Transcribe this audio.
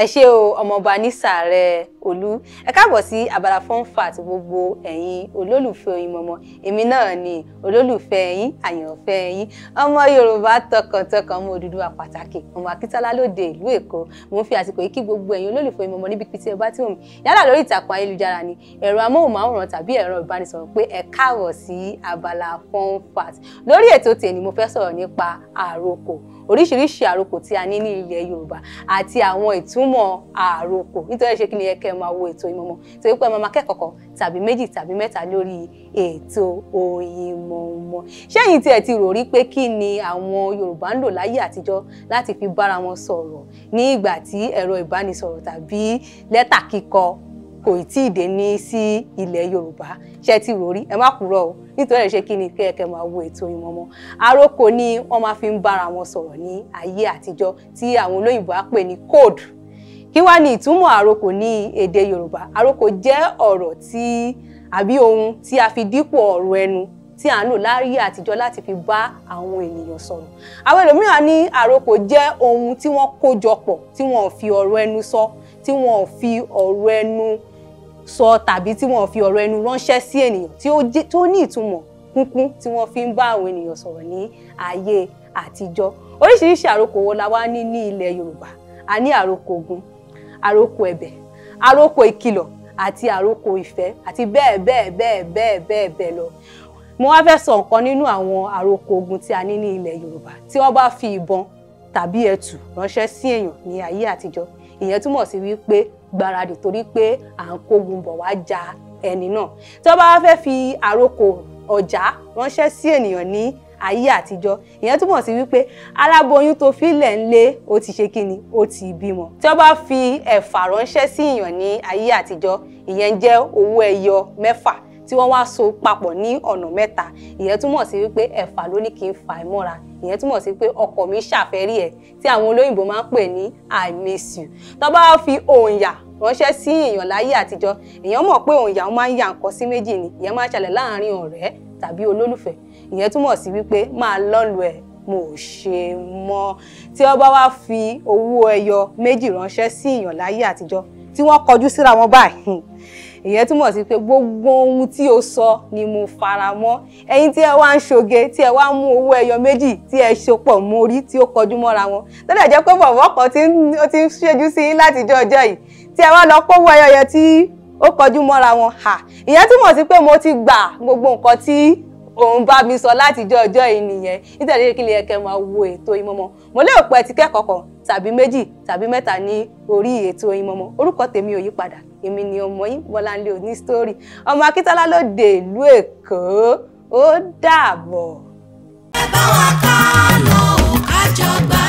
ẹ ṣé o ọmọọba nísàárẹ̀ olú ẹ káàbọ̀ sí abala fọ́nfà àti gbogbo ẹ̀yin olólùfẹ́ oyin mọ̀mọ́ èmi náà ni olólùfẹ́ yín àyànfẹ́ yín ọmọ yorùbá tọkàntọkàn ọmọ Odùduwà pàtàkì ọmọ akíntọ́lá lóde ìlú èkó mo ń fi àsìkò yìí kí gbogbo ẹ̀yin olólùfẹ́ oyin mọ̀mọ́ níbi pété ẹ bá tí òun yálà lórí ìtàkùn ayélujára ni ẹ̀rọ amóhùnmáwòrán tàbí ẹ̀rọ ìbánisọ̀rọ̀ pé ẹ káàbọ̀ sí abala fọ́nfà lórí ètò tèmi mo fẹ́ sọ̀rọ̀ nípa àròkò oríṣiríṣi àròkò tí a ní ní ilẹ̀ Yorùbá àti àwọn ìtumọ̀ àròkò nítorí ṣe kí ni ẹkẹ máa wo ètò Oyinmomo torí pé ẹ máa kẹ́kọ̀ọ́ kan tàbí méjì tàbí mẹ́ta lórí ètò Oyinmomo ṣẹ́yìn tí ẹ ti rò rí pé kí ni àwọn Yorùbá ń lò láyé àtijọ́ láti fi bára wọn sọ̀rọ̀ ní ìgbà tí ẹ̀rọ ìbánisọ̀rọ̀ tàbí lẹ́tà kíkọ kò tí ì dé ní sí ilẹ̀ yorùbá ṣe ti rò rí ẹ má kúrọ̀ o nítorí ẹ̀ ṣe kí ni kẹ́kẹ́ máa wo ètò Oyinmomo àròkọ ni wọ́n máa fi ń bára wọn sọ̀rọ̀ ní ayé àtijọ́ tí àwọn olóyìnbó á pè ní code kí wá ní ìtumọ̀ àròkọ ní èdè yorùbá àròkọ jẹ́ ọ̀rọ̀ tí àbí ohun tí a fi dípò ọ̀rọ̀ ẹnu tí à ń lò láyé àtijọ́ láti fi bá àwọn ènìyàn sọ̀rọ̀. àwọn ẹlòmíràn ní àròkọ jẹ́ ohun tí wọ́n kó jọ pọ̀ tí wọ́n fi ọ̀rọ̀ ẹnu sọ tí wọ́n fi ọ̀rọ̀ ẹnu sọ tàbí tí wọ́n fi ọ̀rọ̀ ẹnu ránṣẹ́ sí ènìyàn tí ó ní ìtumọ̀ kúnkún tí wọ́n fi ń bá àwọn ènìyàn sọ̀rọ̀ ní ayé àtijọ́ oríṣiríṣi àrokò wo la wá ní ní ilẹ̀ Yorùbá a ní àrokò ogun àrokò ẹ̀bẹ̀ àrokò ìkìlọ̀ àti àrokò ìfẹ́ àti bẹ́ẹ̀ bẹ́ẹ̀ bẹ́ẹ̀ bẹ́ẹ̀ bẹ́ẹ̀ bẹ́ẹ̀ lọ mo wá fẹ́ sọ nǹkan nínú àwọn àrokò ogun tí a ní ní ilẹ̀ Yorùbá tí wọ́n bá fi ìbọn tàbí ẹ̀tù ránṣẹ́ sí èèyàn ní ayé àtijọ́ ìyẹn túmọ̀ sí wípé gbáradì torí pé à ń kógun bọ̀ wá ja ẹni náà tí wọ́n bá wá fẹ́ fi àrokò ọjà ránṣẹ́ sí ènìyàn ní ayé àtijọ́ ìyẹn túmọ̀ sí wípé aláboyún tó filẹ̀ ń lé ó ti ṣe kíni ó ti bímọ tí bá fi ẹ̀fà ránṣẹ́ sí èèyàn ní ayé àtijọ́ ìyẹn jẹ́ owó ẹyọ mẹ́fà tí wọ́n wá so papọ̀ ní ọ̀nà mẹ́ta ìyẹn túmọ̀ sí wípé ẹ̀fà ló ní kí n fà á mọ́ra ìyẹn túmọ̀ sí pé ọkọ mi ṣàfẹ́rí ẹ̀ tí àwọn olóyìnbó máa ń pè ní i miss you tó bá fi òǹyà ránṣẹ́ sí èèyàn láyé àtijọ́ èèyàn mọ̀ pé òǹyà máa ń ya nǹkan sí méjì ni ìyẹn máa ń ṣẹlẹ̀ láàárín ọ̀rẹ́ tàbí olólùfẹ́ ìyẹn túmọ̀ sí wípé máa lọ́lu ẹ̀ mo ṣe mọ́ tí wọ́n bá wá fi owó ẹyọ méjì ránṣẹ́ sí èèyàn láyé àtijọ́ tí wọ́n kọjú síra wọn báyìí ìyẹn túmọ̀ sí pé gbogbo ohun tí o sọ ni mo fara mọ́ ẹ̀yin tí ẹ wá ń ṣoge tí ẹ wá mú owó ẹyọ méjì tí ẹ ṣopọ̀ mórí tí ó kọjú mọ́ra wọn tọ́lẹ̀ jẹ́ pé bọ̀bọ̀ kan ti ń ṣẹ́jú sí yín látijọ́ ọjọ́ yìí tí ẹ wá lọ pọ́wọ́ ẹyọ yẹn tí ó kọjú mọ́ra wọn ìyẹn túmọ̀ sí pé mo ti gbà gbogbo nǹkan tí òun bá mi sọ láti jọ ọjọ́ yìí nìyẹn nítorí kí lè kẹ́ máa wo ètò Oyinmomo mo lérò pé ti kẹ́kọ̀ọ́ kan tàbí méjì tàbí mẹ́ta ní orí ètò Oyinmomo orúkọ tèmi ò yí padà èmi ni ọmọ yín Bọ́láńlé òní sítórì ọmọ Akíntọ́lá ló dé ìlú Èkó ó dàbọ̀. ẹ bá wa ká lọ ká